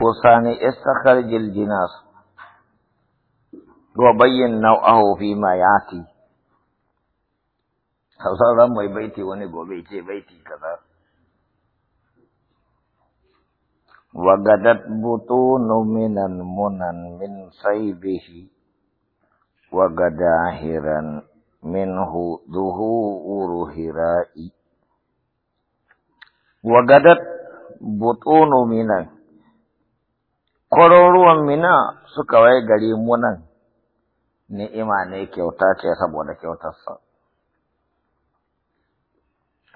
فرسان استخرج الجناس وبين نوعه فيما ياتي مي بيتي baiti wani بيتي بيتي كذا kaza وغدت بطون من المنن من صيبه وغدا هرا منه ظهور هراء وغدت بطون منن ruwan mina suka wai gari munan ni'ima ne kyauta ce saboda kyautarsa.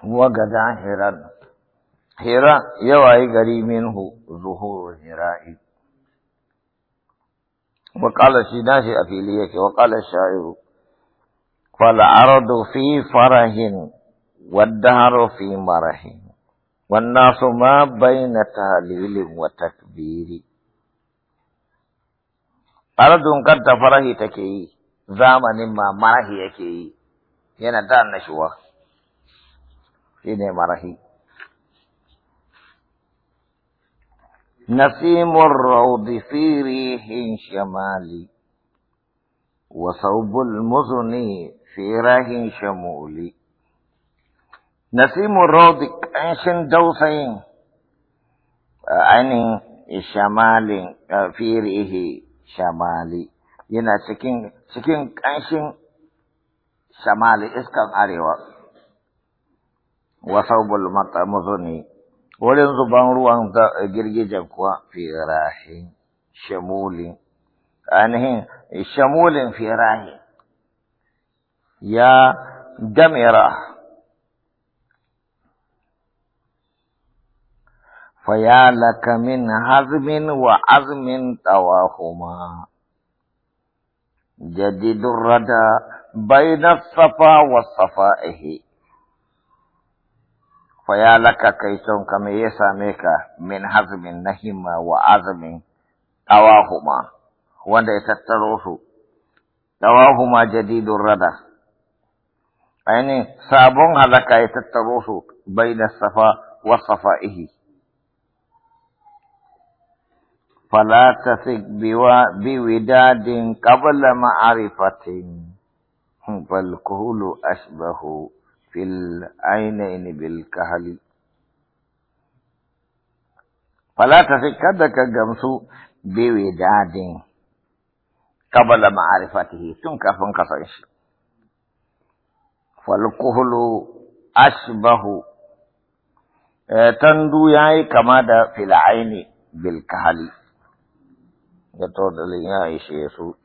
Wagada hiran, hira yawa yi gari minhu zuhuru hira'i. Wakala shi nashi a fili yake, wakala sha'iru, fal'ardu fi farahin, wadda fi marahin, wannan su ma bai na tahalilin wa takbiri. أردون كرت فرهي تكي زامن ما مرهي يكي ينا دان نشوا شيني مرهي نسيم الروض في ريح شمالي وصوب المزن في راه شمولي نسيم الروض انشن دوسين عن الشمال في ريح shamali yana cikin cikin ƙanshin shamali iskan arewa wasau bulmata muzuni wurin zuban ruwan girgijen kuwa firahin shamulin ainihin shamulin firahin ya damira Fa ya laka min hazmin wa azumin ɗawahuma, jadidun rada bai safa wasafawa ishi. Fa laka kai kan ka me yasa me ka min hazmin na wa azumin ɗawahuma wanda ya tattara wasu, ɗawahuma ɗawahuma jadidun rada. Ayinan sabon halaka ya tattara wasu bai safa wasafa ishi. fala ta sik biwa bi wida din kabala ma ari fatin bal kuhulu asbahu fil aina ini bil fala ta sik kada ka gamsu bi wida din kabala ma ari fatin tun ka fun kasa ishi fal tandu yayi kama da fil aini 要做的另外一些书。